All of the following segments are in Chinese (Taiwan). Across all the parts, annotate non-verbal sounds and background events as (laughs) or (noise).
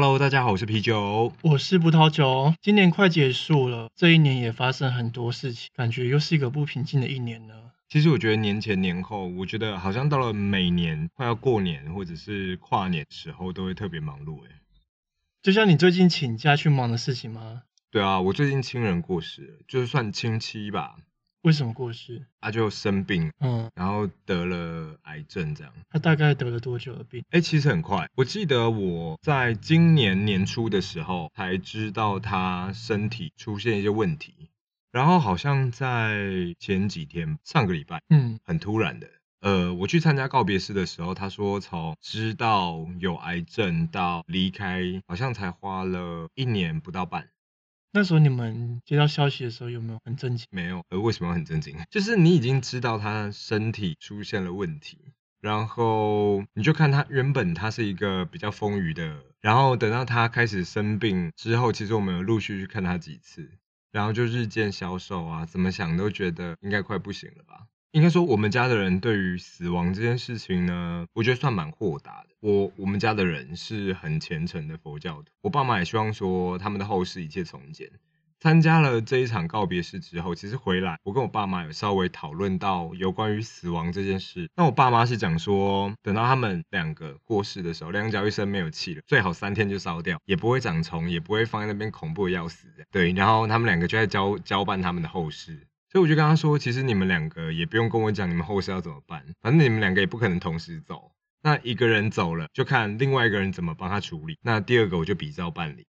Hello，大家好，我是啤酒，我是葡萄酒。今年快結束了，這一年也發生很多事情，感覺又是一個不平靜的一年呢。其實我覺得年前年後，我覺得好像到了每年快要過年或者是跨年時候都會特別忙碌哎。就像你最近請假去忙的事情嗎？對啊，我最近親人過世，就是算親戚吧。為什麼過世？他就生病，嗯，然後得了癌症這樣。他大概得了多久的病？哎，其實很快。我記得我在今年年初的時候才知道他身體出現一些問題，然後好像在前幾天，上個禮拜，嗯，很突然的。呃，我去參加告別式的時候，他說從知道有癌症到離開，好像才花了一年不到半。那時候你們接到消息的時候有沒有很震驚？沒有，呃，為什麼很震驚？就是你已經知道他身體出現了問題，然後你就看他原本他是一個比較豐腴的，然後等到他開始生病之後，其實我們有陸續去看他幾次，然後就日漸消瘦啊，怎麼想都覺得應該快不行了吧。應該說，我們家的人對於死亡這件事情呢，我覺得算蠻豁達的。我我們家的人是很虔誠的佛教徒，我爸媽也希望說他們的後事一切從簡。參加了這一場告別式之後，其實回來，我跟我爸媽有稍微討論到有關於死亡這件事。那我爸媽是講說，等到他們兩個過世的時候，兩腳一伸沒有氣了，最好三天就燒掉，也不會長蟲，也不會放在那邊恐怖的要死。對，然後他們兩個就在交交辦他們的後事。所以我就跟他說，其實你們兩個也不用跟我講你們後事要怎麼辦，反正你們兩個也不可能同時走，那一個人走了，就看另外一個人怎麼幫他處理。那第二個我就比照辦理。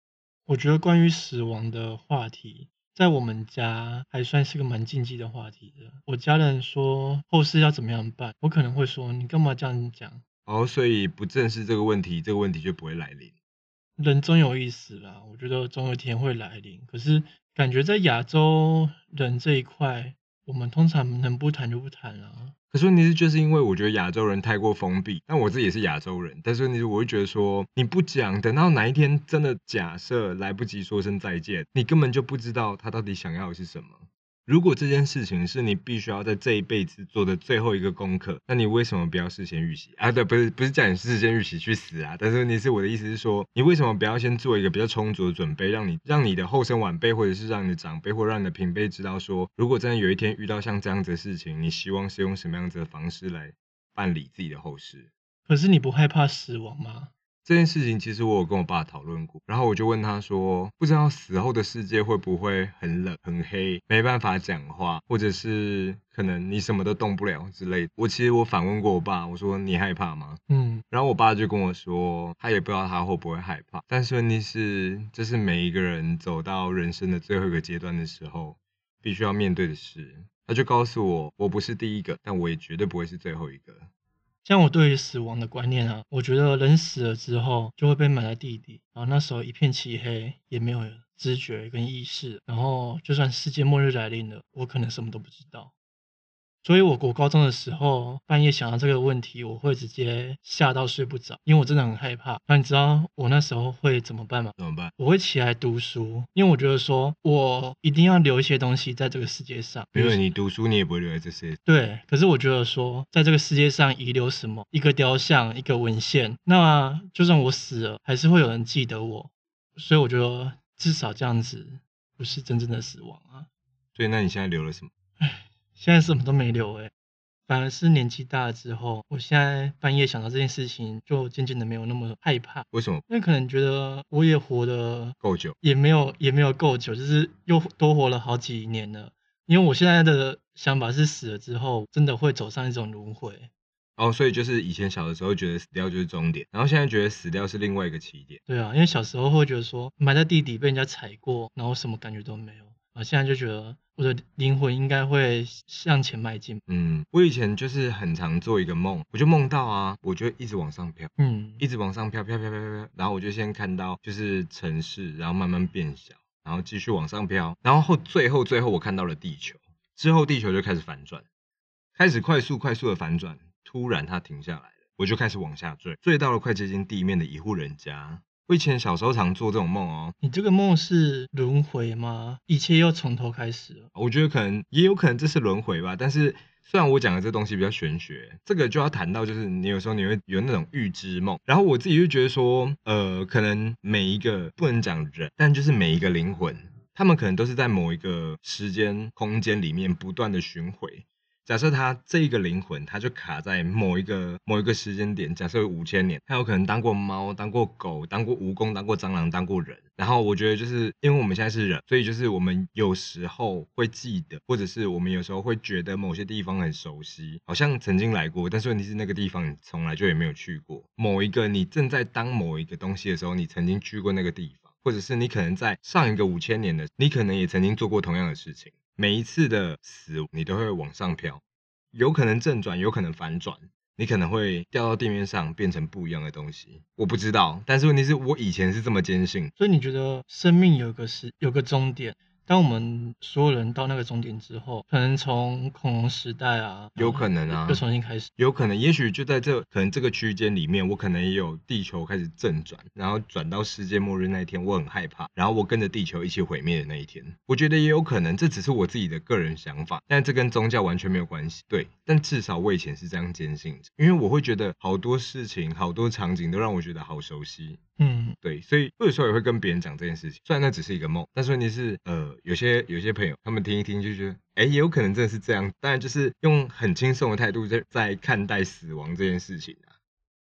我覺得關於死亡的話題，在我們家還算是個蠻禁忌的話題的。我家人說後事要怎麼樣辦，我可能會說，你幹嘛這樣講？哦，所以不正視這個問題，這個問題就不會來臨。人終有一死啦，我覺得總有一天會來臨，可是。感覺在亞洲人這一塊，我們通常能不談就不談了啊。可是問題是，就是因為我覺得亞洲人太過封閉，但我自己也是亞洲人，但是問題是我會覺得說你不講，等到哪一天真的假設來不及說聲再見，你根本就不知道他到底想要的是什麼。如果這件事情是你必須要在這一輩子做的最後一個功課，那你為什麼不要事先預習啊？對，不是不是叫你是事先預習去死啊？但是你是我的意思是說，你為什麼不要先做一個比較充足的準備，讓你讓你的後生晚輩，或者是讓你的長輩或讓你的平輩知道說，如果真的有一天遇到像這樣子的事情，你希望是用什麼樣子的方式來辦理自己的後事？可是你不害怕死亡嗎？這件事情其實我有跟我爸討論過，然後我就問他說，不知道死後的世界會不會很冷、很黑、沒辦法講話，或者是可能你什麼都動不了之類的。我其實我反問過我爸，我說你害怕嗎？嗯，然後我爸就跟我說，他也不知道他會不會害怕，但是問題是，這是每一個人走到人生的最後一個階段的時候必須要面對的事。他就告訴我，我不是第一個，但我也絕對不會是最後一個。像我對於死亡的觀念啊，我覺得人死了之後就會被埋在地底，然後那時候一片漆黑，也沒有知覺跟意識，然後就算世界末日來臨了，我可能什麼都不知道。所以，我國高中的時候，半夜想到這個問題，我會直接嚇到睡不着，因為我真的很害怕。那、啊、你知道我那時候會怎麼辦嗎？怎麼辦？我會起來讀書，因為我覺得說，我一定要留一些東西在這個世界上。因為有你讀書，你也不會留在這些。對，可是我覺得說，在這個世界上遺留什麼，一個雕像，一個文獻，那就算我死了，還是會有人記得我。所以，我覺得至少這樣子不是真正的死亡啊。所以那你現在留了什麼？ (laughs) 現在什麼都沒留哎、欸，反而是年紀大了之後，我現在半夜想到這件事情，就漸漸的沒有那麼害怕。為什麼？因為可能覺得我也活得夠久，也沒有也沒有夠久，就是又多活了好幾年了。因為我現在的想法是死了之後，真的會走上一種輪回。哦，所以就是以前小的時候覺得死掉就是終點，然後現在覺得死掉是另外一個起點。對啊，因為小時候會覺得說埋在地底被人家踩過，然後什麼感覺都沒有。我現在就覺得我的靈魂應該會向前邁進。嗯，我以前就是很常做一個夢，我就夢到啊，我就一直往上飄，嗯，一直往上飄，飄飄飄飄，然後我就先看到就是城市，然後慢慢變小，然後繼續往上飄，然後後，最後最後我看到了地球，之後地球就開始反轉，開始快速快速的反轉，突然它停下來了，我就開始往下墜，墜到了快接近地面的一戶人家。我以前小時候常做這種夢哦。你這個夢是輪迴嗎？一切又從頭開始？我覺得可能，也有可能這是輪迴吧。但是雖然我講的這東西比較玄學，這個就要談到就是你有時候你會有那種預知夢，然後我自己就覺得說，呃，可能每一個不能講人，但就是每一個靈魂，他們可能都是在某一個時間空間裡面不斷的巡回。假設他這個靈魂，他就卡在某一個某一個時間點。假設五千年，他有可能當過貓，當過狗，當過蜈蚣，當過蟑螂，當過人。然後我覺得，就是因為我們現在是人，所以就是我們有時候會記得，或者是我們有時候會覺得某些地方很熟悉，好像曾經來過。但是問題是，那個地方你從來就也沒有去過。某一個你正在當某一個東西的時候，你曾經去過那個地方，或者是你可能在上一個五千年的，你可能也曾經做過同樣的事情。每一次的死，你都會往上飄，有可能正轉，有可能反轉，你可能會掉到地面上，變成不一樣的東西。我不知道，但是問題是我以前是這麼堅信。所以你覺得生命有個是有個終點？當我們所有人到那個終點之後，可能從恐龍時代啊，有可能啊，就、嗯、重新開始，有可能，也許就在這可能這個區間裡面，我可能也有地球開始正轉，然後轉到世界末日那一天，我很害怕，然後我跟着地球一起毀滅的那一天，我覺得也有可能。這只是我自己的個人想法，但這跟宗教完全沒有關係。對，但至少我以前是這樣堅信着，因為我會覺得好多事情、好多場景都讓我覺得好熟悉。嗯，對，所以有時候也會跟別人講這件事情，雖然那只是一個夢，但是問題是，呃。有些有些朋友，他們聽一聽就覺得，哎、欸，也有可能真的是這樣。當然，就是用很輕鬆的態度在在看待死亡這件事情啊。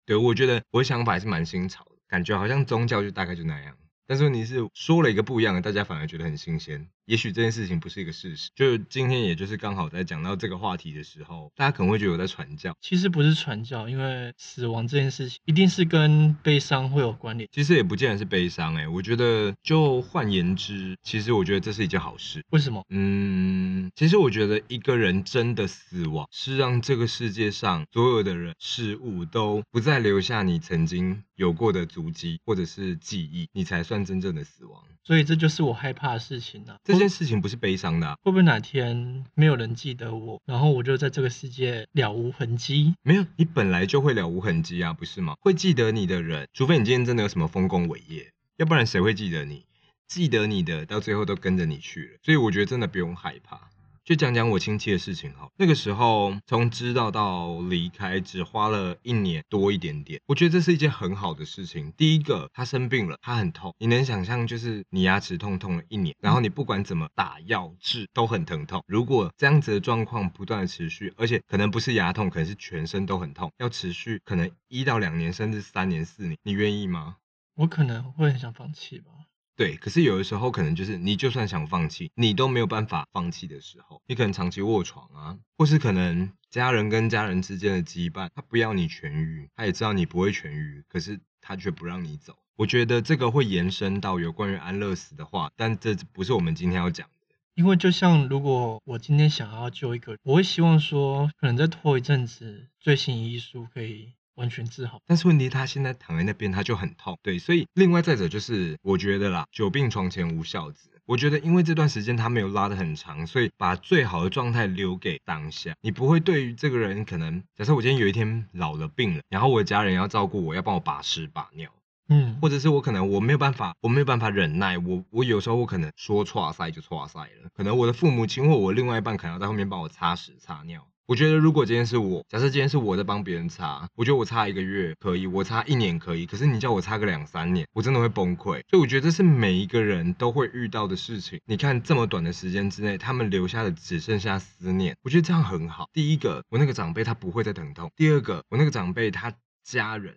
對，我覺得我的想法還是蠻新潮的，感覺好像宗教就大概就那樣。但是你是說了一個不一樣的，大家反而覺得很新鮮。也許這件事情不是一個事實，就今天也就是剛好在講到這個話題的時候，大家可能會覺得我在傳教，其實不是傳教，因為死亡這件事情一定是跟悲傷會有關聯。其實也不見得是悲傷欸，我覺得就換言之，其實我覺得這是一件好事。為什麼？嗯，其實我覺得一個人真的死亡，是讓這個世界上所有的人事物都不再留下你曾經有過的足跡或者是記憶，你才算真正的死亡。所以這就是我害怕的事情啊。這件事情不是悲傷的啊，會不會哪天沒有人記得我，然後我就在這個世界了無痕跡？沒有，你本來就會了無痕跡啊，不是嗎？會記得你的人，除非你今天真的有什麼豐功偉業，要不然誰會記得你？記得你的到最後都跟着你去了，所以我覺得真的不用害怕。就講講我親戚的事情哈。那個時候從知道到離開只花了一年多一點點，我覺得這是一件很好的事情。第一個，他生病了，他很痛，你能想象就是你牙齒痛痛了一年，然後你不管怎麼打藥治都很疼痛。如果這樣子的狀況不斷的持續，而且可能不是牙痛，可能是全身都很痛，要持續可能一到兩年甚至三年四年，你願意嗎？我可能會很想放棄吧。對，可是有的時候可能就是你就算想放棄，你都沒有辦法放棄的時候，你可能長期臥床啊，或是可能家人跟家人之間的羈絆，他不要你痊癒，他也知道你不會痊癒，可是他卻不讓你走。我覺得這個會延伸到有關於安樂死的話，但這不是我們今天要講的。因為就像如果我今天想要救一個人，我會希望說，可能再拖一陣子，最新醫書可以。完全治好，但是問題他現在躺在那邊，他就很痛。對，所以另外再者就是，我覺得啦，久病床前無孝子。我覺得因為這段時間他沒有拉得很長，所以把最好的狀態留給當下。你不會對於這個人，可能假設我今天有一天老了病了，然後我的家人要照顧我，要幫我把屎把尿，嗯，或者是我可能我沒有辦法，我沒有辦法忍耐，我我有時候我可能說錯塞就錯塞了，可能我的父母親或我另外一半可能要在後面幫我擦屎擦尿。我覺得如果今天是我，假設今天是我在幫別人擦，我覺得我擦一個月可以，我擦一年可以，可是你叫我擦個兩三年，我真的會崩潰。所以我覺得這是每一個人都會遇到的事情。你看這麼短的時間之內，他們留下的只剩下思念。我覺得這樣很好。第一個，我那個長輩他不會再疼痛；第二個，我那個長輩他家人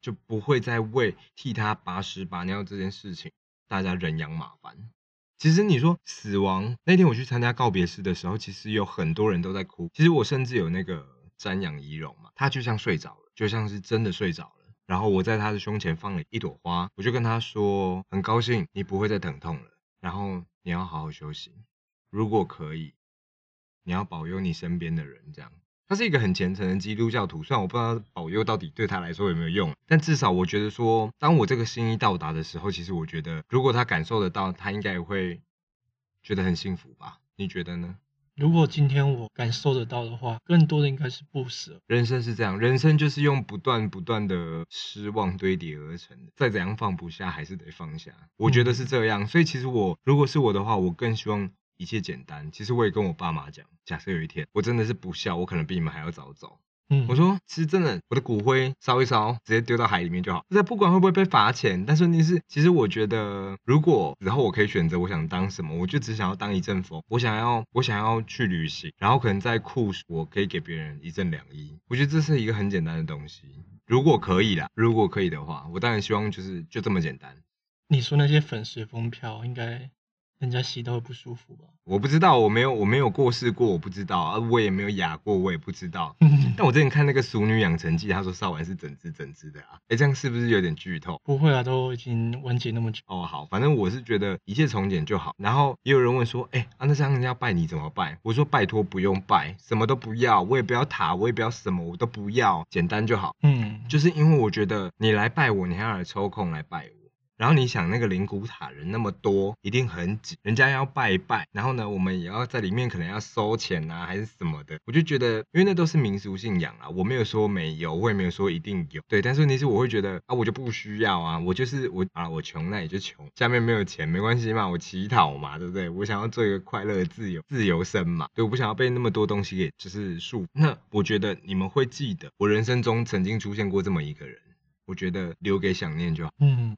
就不會再為替他把屎把尿這件事情，大家人仰馬翻。其實你說死亡那天我去參加告別式的時候，其實有很多人都在哭。其實我甚至有那個瞻仰遺容嘛，他就像睡着了，就像是真的睡着了。然後我在他的胸前放了一朵花，我就跟他說，很高興你不會再疼痛了，然後你要好好休息，如果可以，你要保佑你身邊的人這樣。他是一個很虔誠的基督教徒，雖然我不知道保佑到底對他來說有沒有用，但至少我覺得說，當我這個心意到達的時候，其實我覺得，如果他感受得到，他應該也會覺得很幸福吧？你覺得呢？如果今天我感受得到的話，更多的應該是不舍。人生是這樣，人生就是用不斷不斷的失望堆疊而成。再怎樣放不下，還是得放下。嗯。我覺得是這樣。所以其實我，如果是我的話，我更希望。一切簡單，其實我也跟我爸媽講，假設有一天我真的是不孝，我可能比你們還要早走。嗯，我說其實真的，我的骨灰燒一燒，直接丟到海裡面就好。在不管會不會被罰錢，但是問題是，其實我覺得，如果然後我可以選擇，我想當什麼，我就只想要當一陣風，我想要我想要去旅行，然後可能在酷暑，我可以給別人一陣涼意。我覺得這是一個很簡單的東西。如果可以啦，如果可以的話，我當然希望就是就這麼簡單。你說那些粉隨風飄應該。人家吸到不舒服吧？我不知道，我沒有，我沒有過世過，我不知道，而我也沒有啞過，我也不知道。 (laughs) 但我之前看那個淑《俗女養成記》，他說燒完是整隻整隻的啊！哎、欸，這樣是不是有點劇透？不會啊，都已經完結那麼久。哦，好，反正我是覺得一切從簡就好。然後也有人問說，哎、欸，啊，那這樣人家要拜你怎麼拜？我說拜託不用拜，什麼都不要，我也不要塔，我也不要什麼，我都不要，簡單就好。嗯， (laughs) 就是因為我覺得你來拜我，你還要來抽空來拜我。然後你想那個靈骨塔人那麼多，一定很擠，人家要拜一拜，然後呢，我們也要在裡面可能要收錢啊，還是什麼的。我就覺得，因為那都是民俗信仰啊，我沒有說沒有，我也沒有說一定有，對。但是問題是我會覺得啊，我就不需要啊，我就是我啊，我窮那也就窮，下面沒有錢沒關係嘛，我乞討嘛，對不對？我想要做一個快樂的自由自由身嘛，對，我不想要被那麼多東西給就是束縛。那我覺得你們會記得我人生中曾經出現過這麼一個人，我覺得留給想念就好，嗯。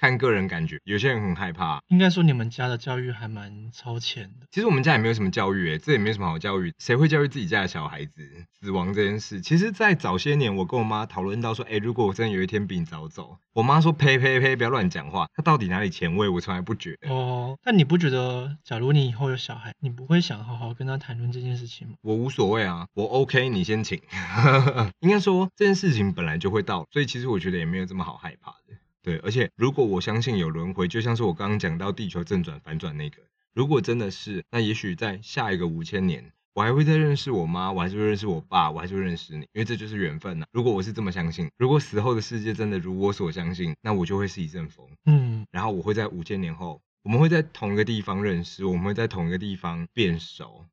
看個人感覺，有些人很害怕。應該說你們家的教育還蠻超前的。其實我們家也沒有什麼教育，欸，哎，這也沒有什麼好教育。誰會教育自己家的小孩子死亡這件事？其實，在早些年，我跟我媽討論到說，哎，欸，如果我真的有一天比你早走，我媽說，呸呸呸，呸，呸，呸，不要亂講話。她到底哪裡前衛，我從來不覺得。哦，但你不覺得，假如你以後有小孩，你不會想好好跟她談論這件事情嗎？我無所謂啊，我 OK，你先請。 (laughs) 應該說這件事情本來就會到，所以其實我覺得也沒有這麼好害怕的。對，而且如果我相信有輪迴，就像是我剛剛講到地球正轉反轉那個，如果真的是，那也許在下一個五千年，我還會再認識我媽，我還是會認識我爸，我還是會認識你，因為這就是緣分呢啊。如果我是這麼相信，如果死後的世界真的如我所相信，那我就會是一陣風，嗯，然後我會在五千年後，我們會在同一個地方認識，我們會在同一個地方變熟，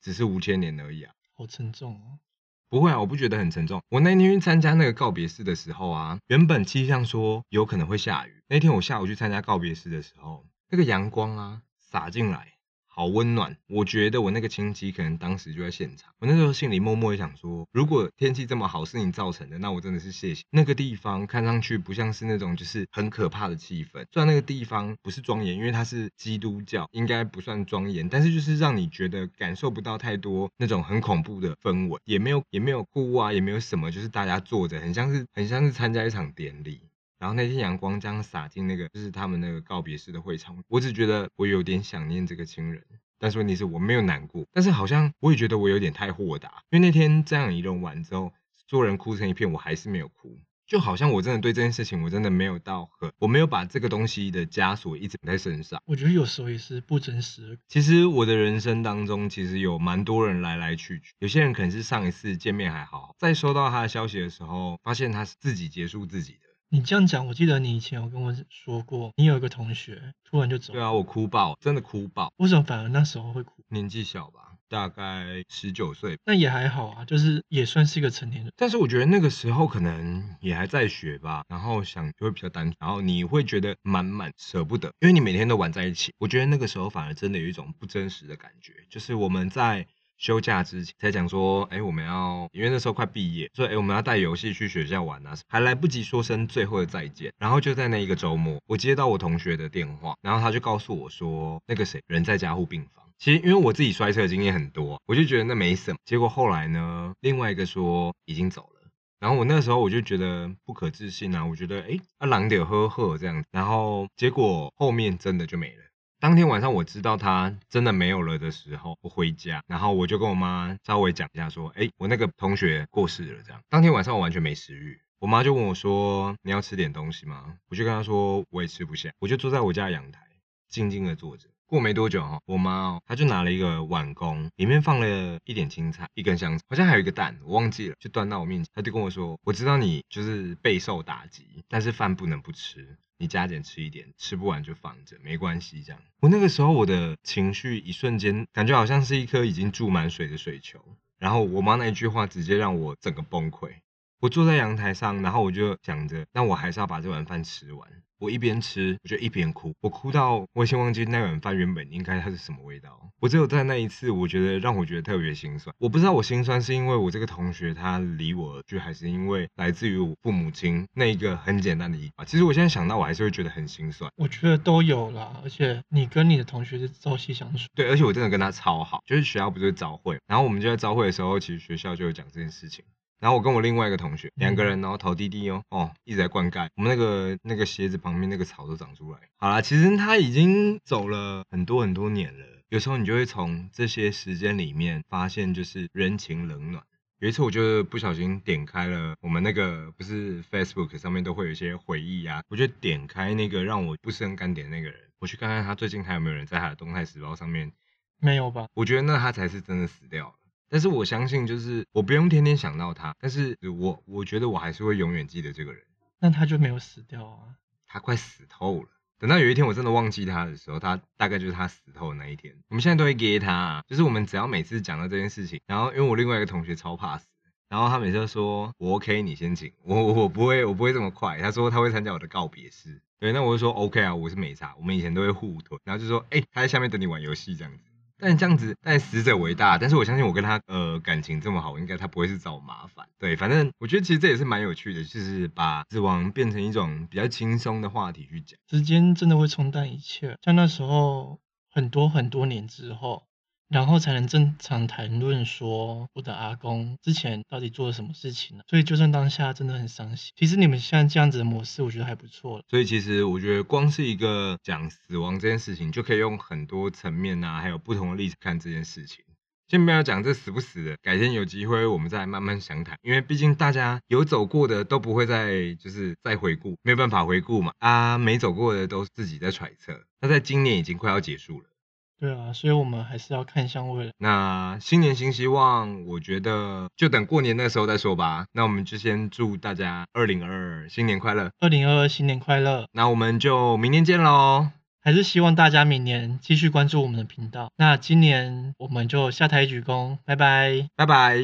只是五千年而已啊。好沉重哦。不會啊，我不覺得很沉重。我那天去參加那個告別式的時候啊，原本氣象說有可能會下雨。那天我下午去參加告別式的時候，那個陽光啊灑進來。好溫暖，我覺得我那個親戚可能當時就在現場。我那時候心裡默默地想說，如果天氣這麼好是你造成的，那我真的是謝謝。那個地方看上去不像是那種就是很可怕的氣氛。雖然那個地方不是莊嚴，因為它是基督教，應該不算莊嚴，但是就是讓你覺得感受不到太多那種很恐怖的氛圍，也沒有也沒有哭啊，也沒有什麼，就是大家坐着，很像是很像是參加一場典禮。然後那天陽光將灑進那個，就是他們那個告別式的會場，我只覺得我有點想念這個親人。但是問題是我沒有難過，但是好像我也覺得我有點太豁達，因為那天這樣一弄完之後，所有人哭成一片，我還是沒有哭，就好像我真的對這件事情我真的沒有到很，我沒有把這個東西的枷鎖一直在身上。我覺得有時候也是不真實。其實我的人生當中，其實有蠻多人來來去去，有些人可能是上一次見面還好，在收到他的消息的時候，發現他是自己結束自己的。你這樣講，我記得你以前有跟我說過，你有一個同學突然就走了。對啊，我哭爆，真的哭爆。為什麼反而那時候會哭？年紀小吧，大概十九歲。那也還好啊，就是也算是一個成年人。但是我覺得那個時候可能也還在學吧，然後想就會比較單純，然後你會覺得滿滿捨不得，因為你每天都玩在一起。我覺得那個時候反而真的有一種不真實的感覺，就是我們在。休假之前才講說，哎、欸，我們要，因為那時候快畢業，所以哎、欸，我們要帶遊戲去學校玩啊，還來不及說聲最後的再見，然後就在那一個周末，我接到我同學的電話，然後他就告訴我說，那個誰，人在加護病房。其實因為我自己摔車的經驗很多，我就覺得那沒什麼。結果後來呢，另外一個說已經走了，然後我那時候我就覺得不可置信啊，我覺得哎，那啷點呵呵這樣子，然後結果後面真的就沒了。當天晚上我知道他真的沒有了的時候，我回家，然後我就跟我媽稍微講一下，說，哎、欸，我那個同學過世了這樣。當天晚上我完全沒食慾，我媽就問我說，你要吃點東西嗎？我就跟她說，我也吃不下，我就坐在我家陽台靜靜的坐着。過沒多久哈，我媽哦，她就拿了一個碗公，裡面放了一點青菜，一根香腸，好像還有一個蛋，我忘記了，就端到我面前。她就跟我說，我知道你就是備受打擊，但是飯不能不吃。你加減吃一點，吃不完就放着沒關係。這樣，我那個時候我的情緒一瞬間感覺好像是一顆已經注滿水的水球，然後我媽那一句話直接讓我整個崩潰。我坐在陽台上，然後我就想着，那我還是要把這碗飯吃完。我一邊吃，我就一邊哭。我哭到我已經忘記那碗飯原本應該它是什麼味道。我只有在那一次，我覺得讓我覺得特別心酸。我不知道我心酸是因為我這個同學他離我而去，還是因為來自於我父母親那一個很簡單的遺啊。其實我現在想到，我還是會覺得很心酸。我覺得都有啦，而且你跟你的同學是朝夕相處，對，而且我真的跟他超好。就是學校不是早會，然後我們就在早會的時候，其實學校就有講這件事情。然後我跟我另外一個同學兩個人，然後淘弟弟哦、嗯、哦，一直在灌溉，我們那個那個鞋子旁邊那個草都長出來。好啦，其實他已經走了很多很多年了。有時候你就會從這些時間裡面發現，就是人情冷暖。有一次我就不小心點開了我們那個不是 Facebook 上面都會有一些回憶啊，我就點開那個讓我不是很敢點那個人，我去看看他最近還有沒有人在他的動態時報上面，沒有吧？我覺得那他才是真的死掉了。但是我相信，就是我不用天天想到他，但是我我覺得我還是會永遠記得這個人。那他就沒有死掉啊，他快死透了。等到有一天我真的忘記他的時候，他大概就是他死透的那一天。我們現在都會給他，啊，就是我們只要每次講到這件事情，然後因為我另外一個同學超怕死，然後他每次都說我 OK，你先請，我我不會，我不會這麼快。他說他會參加我的告別式。對，那我就說 OK 啊，我是沒差，我們以前都會互懟，然後就說哎，欸，他在下面等你玩遊戲這樣子。但這樣子，但死者為大。但是我相信我跟他呃感情這麼好，應該他不會是找我麻煩。對，反正我覺得其實這也是蠻有趣的，就是把死亡變成一種比較輕鬆的話題去講。時間真的會沖淡一切，像那時候很多很多年之後。然後才能正常談論說我的阿公之前到底做了什麼事情呢？所以就算當下真的很傷心，其實你們現在這樣子的模式，我覺得還不錯。所以其實我覺得光是一個講死亡這件事情，就可以用很多層面吶、啊，還有不同的例子看這件事情。先不要講這死不死的，改天有機會我們再慢慢詳談。因為畢竟大家有走過的都不會再就是再回顧，沒有辦法回顧嘛。啊，沒走過的都自己在揣測。那在今年已經快要結束了。對啊，所以我們還是要看向未來。那新年新希望，我覺得就等過年那時候再說吧。那我們就先祝大家二零二二新年快樂，二零二二新年快樂。那我們就明年見嘍，還是希望大家明年繼續關注我們的頻道。那今年我們就下台鞠躬，拜拜，拜拜。